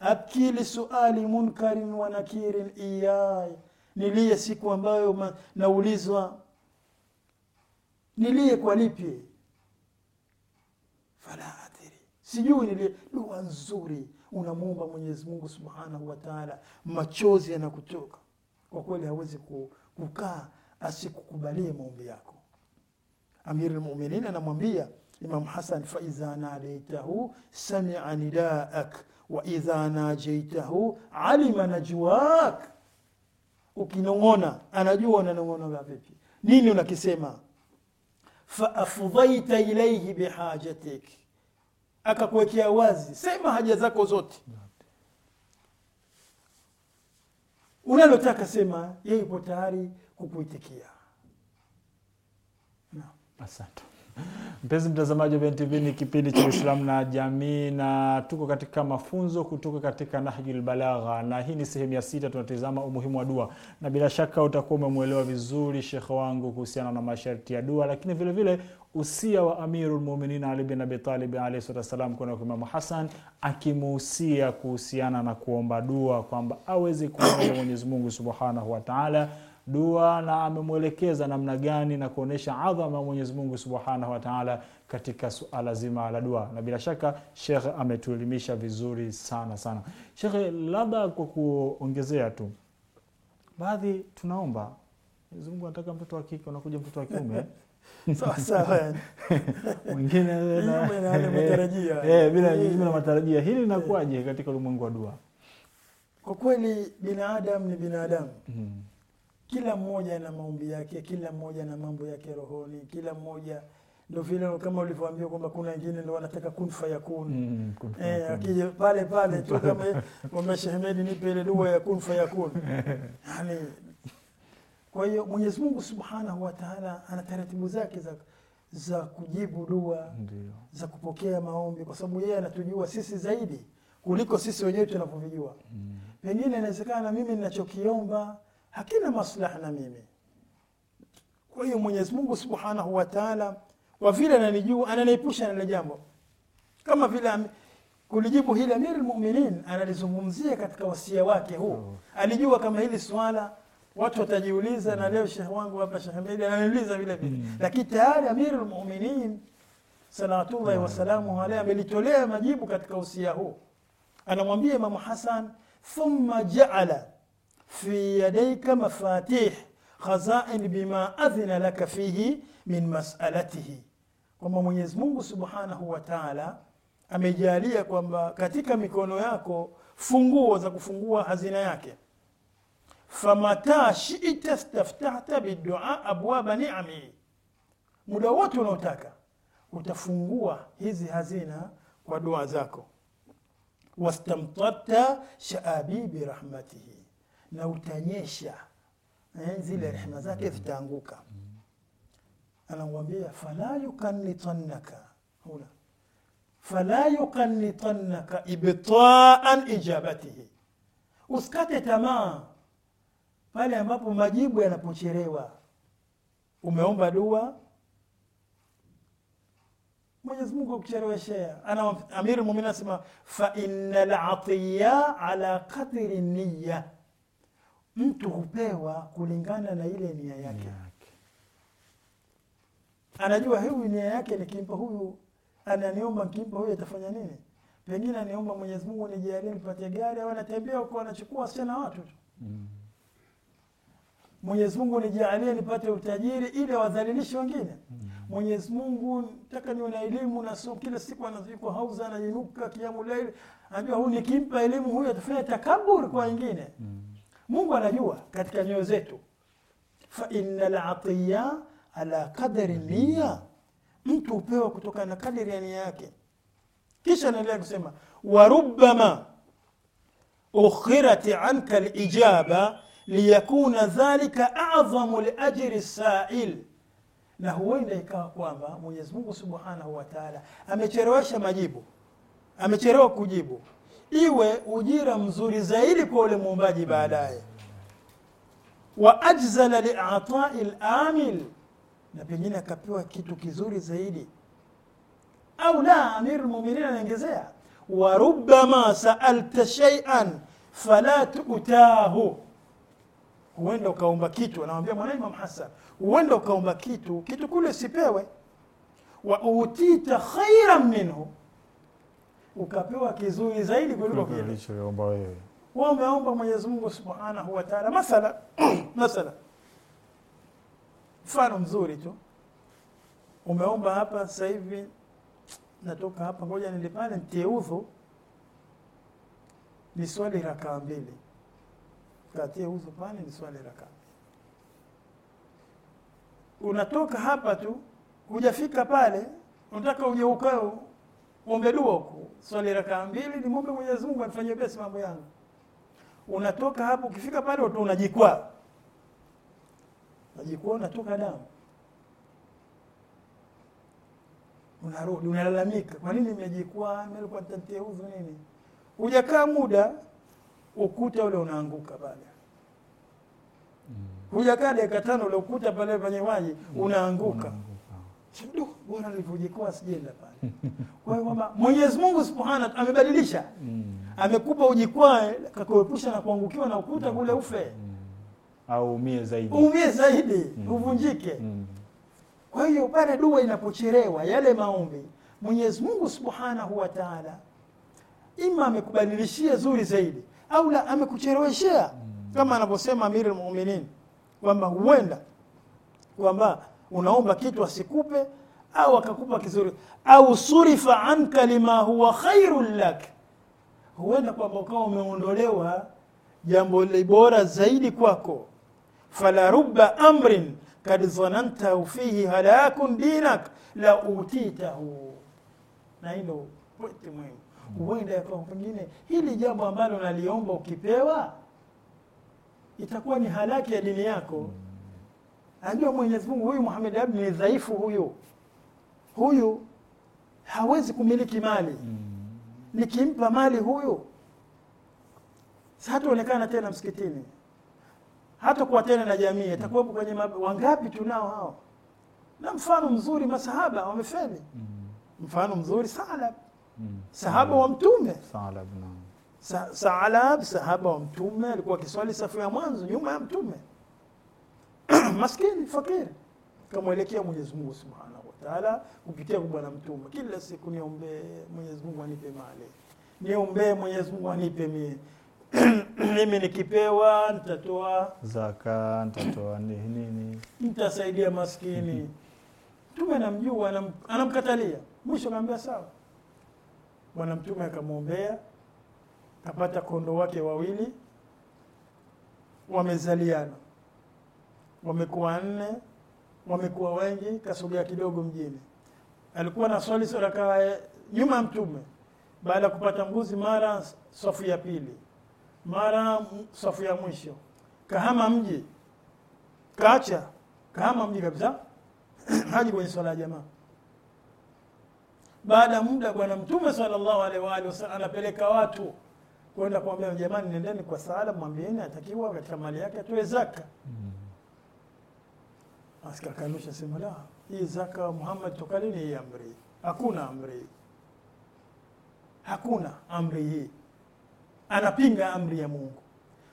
Abki lisuali munkarin wa nakirin iyai nilie siku ambayo naulizwa nilie kwa lipi fala athiri sijui nilie dua nzuri unamwomba mwenyezimungu subhanahu wataala machozi yanakutoka kwa kweli hawezi kukaa asikukubalie maombi yako amir lmuminin anamwambia imam hasan faidha nadaitahu samia nidaak waidha najaitahu alima na ukinong'ona anajua unanong'ona vipi nini unakisema faafudhaita ilaihi bihajatik akakuwekea wazi sema haja zako zote unalotaka sema yeye yupo tayari kukuitikia asante no. Mpenzi mtazamaji wa BNTV, ni kipindi cha Uislamu na jamii, na tuko katika mafunzo kutoka katika Nahjul Balagha, na hii ni sehemu ya sita. Tunatizama umuhimu wa dua, na bila shaka utakuwa umemwelewa vizuri shekhe wangu kuhusiana na masharti ya dua, lakini vilevile vile usia wa Amirul Muminin Ali bin Abi Talib alayhi salatu wassalam kwa Imamu Hasan akimuhusia kuhusiana na kuomba dua kwamba aweze kumwomba Mwenyezi Mungu subhanahu wa taala dua na amemwelekeza namna gani na kuonyesha adhama Mwenyezi Mungu Subhanahu wataala katika suala zima la dua, na bila shaka shekhe ametuelimisha vizuri sana sana. shekhe labda kwa kuongezea tu, baadhi tunaomba Mwenyezi Mungu anataka mtoto wa kike, unakuja mtoto wa kiume sawa eh, matarajia. Eh, eh. Hili linakuwaje katika ulimwengu wa dua? Kwa kweli binadamu ni binadamu mm -hmm. Kila mmoja na maombi yake, kila mmoja na mambo yake rohoni, kila mmoja ndio vile kama ulivyoambia kwamba kuna wengine ndio wanataka kunfa ya Mm, mm eh, akija pale pale tu kama wameshahemedi nipe ile dua ya kunfa kun fayakun yani. Kwa hiyo Mwenyezi Mungu Subhanahu wa Ta'ala ana taratibu zake za za kujibu dua Ndiyo. za kupokea maombi, kwa sababu yeye anatujua sisi zaidi kuliko sisi wenyewe tunavyovijua. Mm. Pengine inawezekana mimi ninachokiomba hakina maslaha na mimi kwa hiyo mwenyezi mungu subhanahu wa taala kwa vile ananijua ananiepusha na jambo kama vile kulijibu hili amiri lmuminin analizungumzia katika wasia wake huu mm. alijua kama hili swala watu watajiuliza na leo shehe wangu hapa shehe mbili ananiuliza vile vile mm. lakini tayari amiru lmuminin salawatullahi wasalamuhu alaihi amelitolea majibu katika usia huu anamwambia imamu hasan thumma jaala fi yadaika mafatih khazain bima adhina laka fihi min masalatihi, kwamba Mwenyezi Mungu subhanahu wa taala amejalia kwamba katika mikono yako funguo za kufungua hazina yake. famata shita staftahta bidua abwaba niami, muda wote unaotaka utafungua hizi hazina kwa dua zako. wastamtatta shaabi birahmatihi na utanyesha eh, zile mm. rehema zake zitaanguka. Anamwambia fala yuqannitannaka fala yukanitanaka ibtaan ijabatihi, usikate tamaa pale ambapo majibu yanapochelewa. Umeomba dua Mwenyezi Mungu akucheleweshea. Ana Amirul Mu'minin anasema fa innal atiya ala qadri niya mtu hupewa kulingana na ile nia yake. Anajua huyu nia yake, nikimpa huyu ananiomba, nikimpa huyu atafanya nini? Pengine aniomba Mwenyezi Mungu nijalie nipatie gari, au anatembea huko anachukua wasichana watu tu mm. Mwenyezi Mungu nijalie nipate utajiri ili wadhalilishe wengine mm. Mwenyezi Mungu nataka niwe na elimu na so kila siku anazikwa hauza anajinuka kiamu laili, anajua huyu nikimpa elimu huyu atafanya takaburi kwa wengine mm. Mungu anajua katika nyoyo zetu. Fa innal atiya ala qadri nia, mtu hupewa kutokana na kadiri ya nia yake. Kisha anaendelea kusema warubama rubbama anka lijaba liyakuna dhalika adhamu liajri sail, na huenda ikawa kwamba Mwenyezi Mungu subhanahu wa taala amechelewesha majibu, amechelewa kujibu iwe ujira mzuri zaidi kwa ule muumbaji baadaye wa ajzala liatai lamil na pengine akapewa kitu kizuri zaidi au la amiru lmuminin anaongezea warubama saalta shaian fala tutahu huenda ukaomba kitu anamwambia mwana imam hasan huenda ukaomba kitu kitu kule sipewe wa utita khairan minhu ukapewa kizuri zaidi kuliko kile wewe umeomba Mwenyezi Mungu Subhanahu wa Ta'ala. Masala masala, mfano mzuri tu, umeomba hapa sasa hivi, natoka hapa, ngoja nili pale nitie udhu, ni swali rakaa mbili, katie udhu pale ni swali rakaa unatoka hapa tu hujafika pale, unataka uje ukao Muombe dua huko, swali rakaa mbili, ni mwombe Mwenyezi Mungu anifanyie pesa mambo yangu. Unatoka hapo, ukifika pale watu unajikwa unajikwa, unatoka damu, unarudi unalalamika, kwa nini nimejikwaa? Nilikuwa nitateuzu nini? Hujakaa muda, ukuta ule unaanguka pale mm. hujakaa dakika tano ule ukuta pale penye maji mm. unaanguka. Shimdu bora nilivyojikuwa sijenda pale. Kwa hiyo kwamba Mwenyezi Mungu Subhanahu amebadilisha. Mm. Amekupa ujikwae kakuepusha na kuangukiwa na ukuta kule ufe. Mm. Au umie zaidi. Umie zaidi, mm. uvunjike. Mm. Kwa hiyo pale dua inapocherewa yale maombi, Mwenyezi Mungu Subhanahu wataala Ta'ala ima amekubadilishia zuri zaidi au la amekucheleweshea, mm. kama anavyosema amiri Mu'minin kwamba huenda kwamba unaomba kitu asikupe au akakupa kizuri au surifa anka lima huwa khairun lak huenda kwamba ukawa umeondolewa jambo libora zaidi kwako fala rubba amrin kad dhanantahu fihi halakun dinak la utitahu na hilo pote muhimu huenda yakawa pengine hili jambo ambalo naliomba ukipewa itakuwa ni halaki ya dini yako mm. Najua Mwenyezi Mungu, huyu Muhammad Abdi ni dhaifu, huyu huyu hawezi kumiliki mali, mm. nikimpa mali huyu hataonekana tena msikitini, hatakuwa tena na jamii, atakuwepo kwenye mab... wangapi tunao hao? Na mfano mzuri masahaba wamefeli. Mm. Mfano mzuri Saalab, mm. sahaba wa Mtume Saalab, sahaba wa Mtume alikuwa akiswali safu ya mwanzo nyuma ya Mtume. maskini fakiri kamwelekea Mwenyezi Mungu Subhanahu wa Ta'ala kupitia kwa bwana mtume. Kila siku niombee Mwenyezi Mungu anipe mali, niombee Mwenyezi Mungu anipe mie mimi nikipewa nitatoa zaka, nitatoa nini, nitasaidia maskini. Mhm. Mtume anamjua anamkatalia. Mwisho akaambia sawa. Bwana mtume akamwombea, kapata kondoo wake wawili, wamezaliana wamekuwa nne, wamekuwa wengi, kasogea kidogo mjini. Alikuwa na swali sura kaa nyuma Mtume baada ya kupata mbuzi, mara safu ya pili, mara safu ya mwisho, kahama mji, kaacha kahama mji kabisa, haji kwenye swala ya jamaa. Baada ya muda, bwana Mtume sallallahu alaihi wa alihi wasallam anapeleka watu kwenda kuambia jamani, nendeni kwa sala, mwambieni atakiwa katika mali yake atoe zaka. mm -hmm. Maski akaamisha sema la, hii zaka Muhammad, toka lini hii amri? Hakuna amri, hakuna amri hii. Anapinga amri ya Mungu,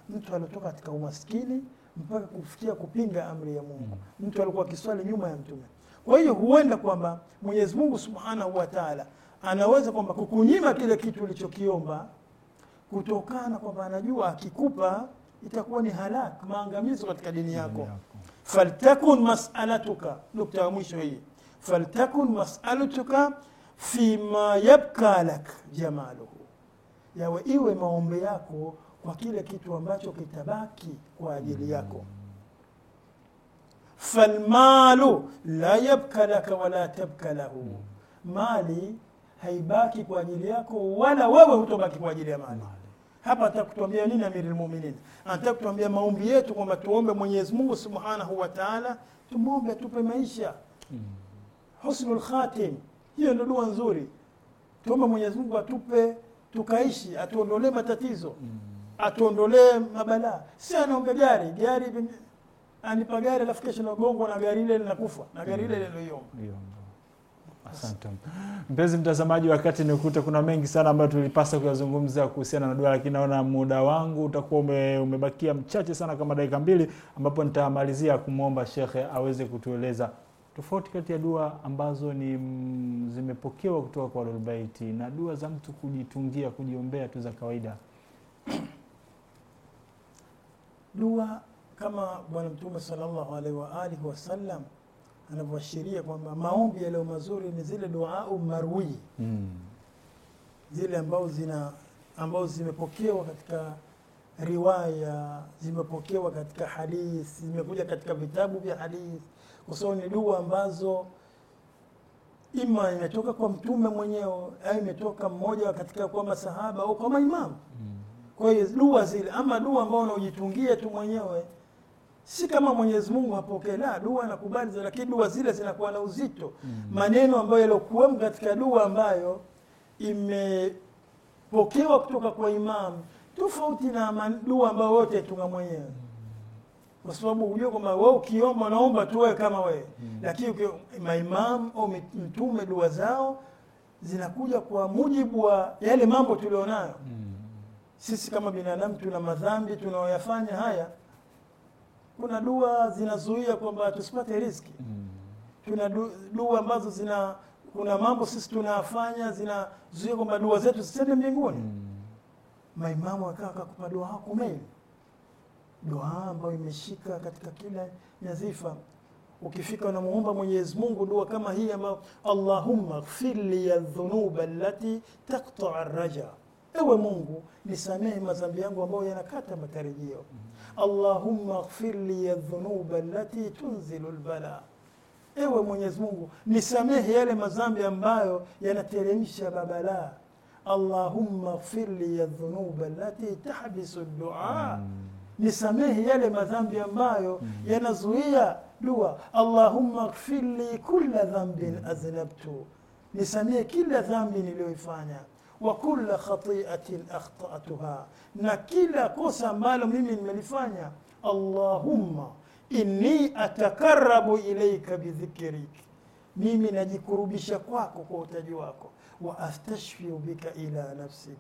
mtu aliotoka katika umaskini mpaka kufikia kupinga amri ya Mungu, mm. mtu alikuwa akiswali nyuma ya Mtume. Kwa hiyo huenda kwamba Mwenyezi Mungu Subhanahu wa Ta'ala anaweza kwamba kukunyima kile kitu ulichokiomba kutokana kwamba anajua akikupa itakuwa ni halak maangamizo katika dini yako faltakun masalatuka nukta ya mwisho hii faltakun masalatuka fima yabka lak jamaluhu yawe iwe maombe yako kwa kile kitu ambacho kitabaki kwa ajili yako falmalu la yabka laka wala tabka lahu mali haibaki kwa ajili yako wala wewe hutobaki kwa ajili ya mali hapa nataka kutuambia nini Amiri Almu'minin? Anataka kutuambia maombi yetu kwamba tuombe Mwenyezi Mungu Subhanahu wataala tumwombe atupe maisha husnu lkhatim Hiyo ndo dua nzuri, tuombe Mwenyezi Mungu atupe tukaishi, atuondolee matatizo atuondolee mabalaa. Si anaombe gari gari, anipa gari, alafu kesha nagongwa na gari ile linakufa na gari ile ile mm. niliyoomba Asante. Mpenzi mtazamaji, wakati nikuta kuna mengi sana ambayo tulipasa kuyazungumza kuhusiana na dua, lakini naona muda wangu utakuwa ume, umebakia mchache sana kama dakika mbili, ambapo nitamalizia kumwomba shekhe aweze kutueleza tofauti kati ya dua ambazo ni mm, zimepokewa kutoka kwa lolbaiti na dua za mtu kujitungia kujiombea tu za kawaida. Dua kama Bwana Mtume sallallahu alaihi wa alihi wasallam anavyoashiria kwamba maombi yaliyo mazuri ni zile duau marwi mm. zile ambao zina ambao zimepokewa katika riwaya zimepokewa katika hadith zimekuja katika vitabu vya hadith, kwa sababu ni dua ambazo ima imetoka kwa mtume mwenyewe au imetoka mmoja katika kwa masahaba au kwa maimamu mm. kwa hiyo dua zile, ama dua ambao unaojitungia tu mwenyewe si kama Mwenyezi Mungu hapokee na dua na kubali, lakini dua zile zinakuwa na uzito mm. maneno ambayo yaliokuwemo katika dua ambayo imepokewa kutoka kwa imamu tofauti na dua ambayo wote tunga mwenyewe, kwa sababu hujua kwamba wewe ukiomba unaomba tu wewe kama wewe mm. lakini maimamu au mtume dua zao zinakuja kwa mujibu wa yale mambo tulionayo mm. sisi kama binadamu tuna madhambi tunaoyafanya haya kuna dua zinazuia kwamba tusipate riski mm. tuna dua ambazo zina kuna mambo sisi tunafanya zinazuia kwamba dua zetu zisende mbinguni mm. maimamu akaa akakupa dua hakumeli dua ambayo imeshika katika kila nyadhifa ukifika unamuomba Mwenyezi Mungu dua kama hii ambayo Allahumma ighfir li ldhunuba dhunuba allati raja ewe Mungu nisamehe mazambi yangu ambayo yanakata matarajio mm -hmm. Allahumma ighfir li dhunuba allati tunzilu lbala ewe Mwenyezi Mungu nisamehe yale madhambi ambayo yanateremsha babala Allahumma ighfir li dhunuba allati tahbisu dua nisamehe yale madhambi ambayo mm yanazuia dua. Allahumma ighfir li kulla dhanbin mm. aznabtu, nisamehe kila dhambi niliyoifanya wa khati'atin akhtatuha, na kila kosa ambalo mimi nimelifanya. Allahumma inni atakarabu ilaika bidhikrik mimi najikurubisha kwako kwa utaji wako. Wa astashfiu bika ila nafsik,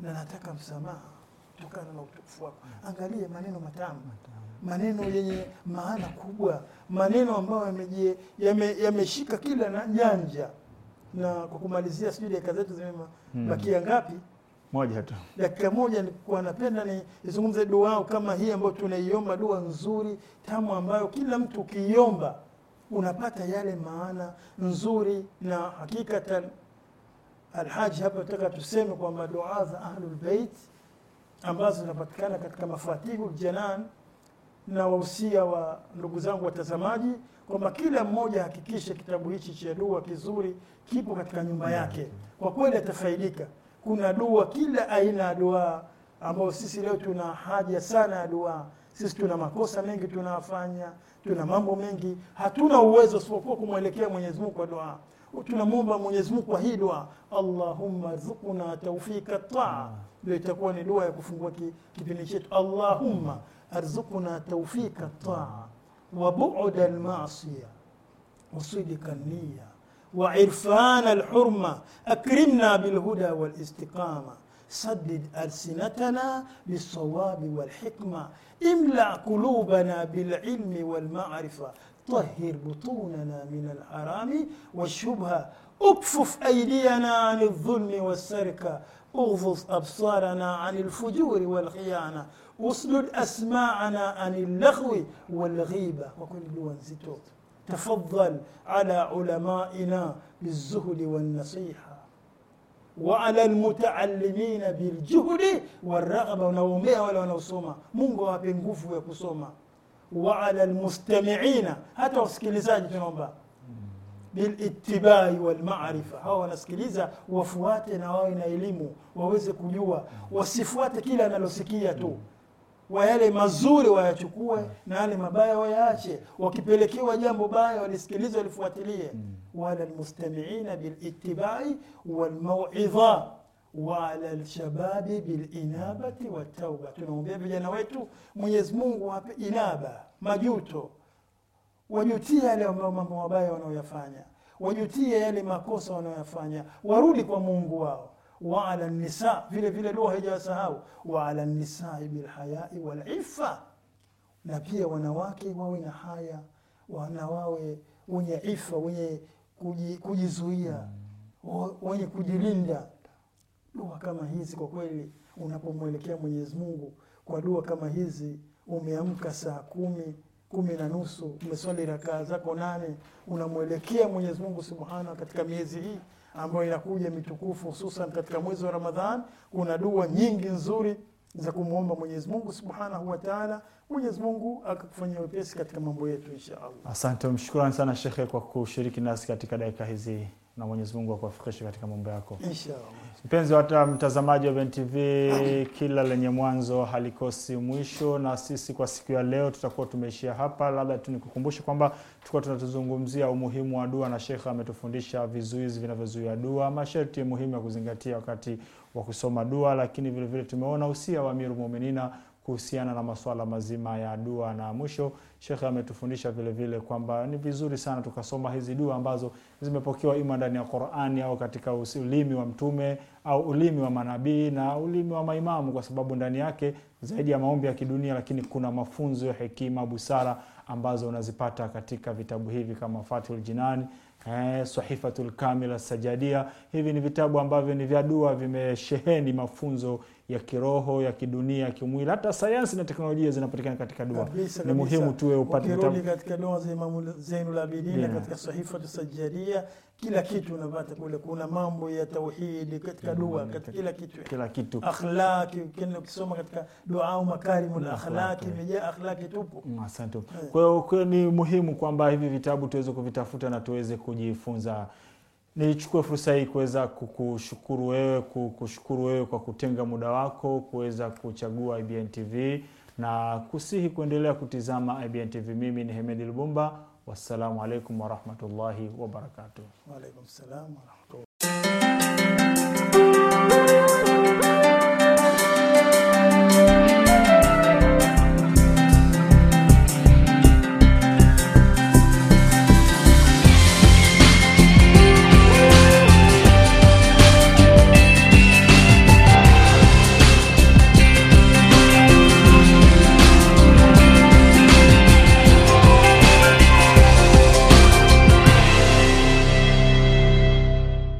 na nataka msamaha kutokana na utukufu wako. Angalie maneno matamu, maneno yenye maana kubwa, maneno ambayo yameshika yame, yame kila na nyanja na kwa kumalizia, sijui dakika zetu zimebakia hmm. ngapi? Moja tu, dakika moja. Nilikuwa napenda nizungumze dua kama hii ambayo tunaiomba, dua nzuri tamu, ambayo kila mtu ukiiomba unapata yale maana nzuri, na hakikatan Alhaji, hapa nataka tuseme kwamba dua za ahlulbeit ambazo zinapatikana katika mafatihu Janan na wahusia wa ndugu zangu watazamaji kwamba kila mmoja hakikishe kitabu hichi cha dua kizuri kipo katika nyumba yake, kwa kweli atafaidika. Kuna dua kila aina ya dua ambayo sisi leo tuna haja sana ya dua. Sisi tuna makosa mengi tunayafanya, tuna mambo mengi, hatuna uwezo usipokuwa kumwelekea Mwenyezi Mungu kwa dua. Tunamwomba Mwenyezi Mungu kwa hii dua, Allahumma rzuqna taufika taa, ndio itakuwa ni dua ya kufungua kipindi chetu. Allahumma ارزقنا توفيق الطاعة وبعد المعصية وصدق النية وعرفان الحرمة أكرمنا بالهدى والاستقامة سدد ألسنتنا بالصواب والحكمة املأ قلوبنا بالعلم والمعرفة طهر بطوننا من الحرام والشبهة اكفف أيدينا عن الظلم والسرقة اغفظ أبصارنا عن الفجور والخيانة usdud asmana an laghwi walghiba ghiba dua nzito tafadhal ala ulamaina bizuhdi walnasiha wa وعلى المتعلمين biljuhudi والرغبه ونومea wale wanaosoma Mungu awape nguvu ya kusoma wa وعلى lmustamiina hata wasikilizaji tunaomba bilitibai walmarifa hawa wanasikiliza wafuate na wawe na elimu waweze kujua wasifuate kile analosikia tu mm wa yale mazuri wayachukue na yale mabaya wayaache. Wakipelekewa jambo baya walisikilize, walifuatilie. Mm. wala lmustamiina bilitibai walmauidha waala lshababi bilinabati watauba. Tunaombea vijana wetu, Mwenyezi Mungu wape inaba, majuto, wajutie yale mambo mabaya wanaoyafanya, wajutie yale makosa wanaoyafanya, warudi kwa muungu wao wa nisa, vile vile dua haijawasahau wa nisai bilhayai walifa, na pia wanawake wawe na haya wana wawe wenye ifa, wenye kujizuia, mm. wenye kujilinda. Dua kama hizi kwa kweli, unapomwelekea Mwenyezi Mungu kwa dua kama hizi, umeamka saa kumi kumi na nusu, umeswali rakaa zako nane, unamwelekea Mwenyezi Mungu subhanahu katika miezi hii ambayo inakuja mitukufu, hususan katika mwezi wa Ramadhan. Kuna dua nyingi nzuri za kumwomba Mwenyezi Mungu Subhanahu wa Ta'ala, Mwenyezi Mungu akakufanyia wepesi katika mambo yetu insha Allah. Asante, mshukurani sana Shekhe kwa kushiriki nasi katika dakika hizi na Mwenyezi Mungu akuwafikishe katika mambo yako. Mpenzi wa mtazamaji wa TV, kila lenye mwanzo halikosi mwisho, na sisi kwa siku ya leo tutakuwa tumeishia hapa. Labda tu nikukumbushe kwamba tulikuwa tunatuzungumzia umuhimu wa dua, na Shekhe ametufundisha vizuizi vinavyozuia dua, masharti muhimu ya kuzingatia wakati wa kusoma dua, lakini vilevile tumeona usia wa Amirul Mu'minin kuhusiana na masuala mazima ya dua. Na mwisho, shekhe ametufundisha vile vile kwamba ni vizuri sana tukasoma hizi dua ambazo zimepokewa ima ndani ya Qur'ani au katika ulimi wa mtume au ulimi wa manabii na ulimi wa maimamu, kwa sababu ndani yake zaidi ya maombi ya kidunia, lakini kuna mafunzo ya hekima, busara ambazo unazipata katika vitabu hivi kama Fathul Jinani Eh, Sahifatul Kamila Sajadia. Hivi ni vitabu ambavyo ni vya dua, vimesheheni mafunzo ya kiroho ya kidunia ya kimwili hata sayansi na teknolojia zinapatikana katika dua kabisa, ni muhimu tuwe upate kitabu katika dua za Imam Zainul Abidin yeah. katika sahifa sajaria kila kitu unapata kule kuna mambo ya tauhidi katika dua katika kila kitu kila kitu akhlaki ukisoma katika dua au makarimul akhlaki imejaa akhlaki tupo. Mm, asante eh. kwa hiyo ni muhimu kwamba hivi vitabu tuweze kuvitafuta na tuweze kujifunza nichukue fursa hii kuweza kukushukuru wewe, kukushukuru wewe kwa kutenga muda wako kuweza kuchagua IBN TV na kusihi kuendelea kutizama IBN TV. Mimi ni Hemedi Lubumba, wassalamu alaikum warahmatullahi wabarakatuh.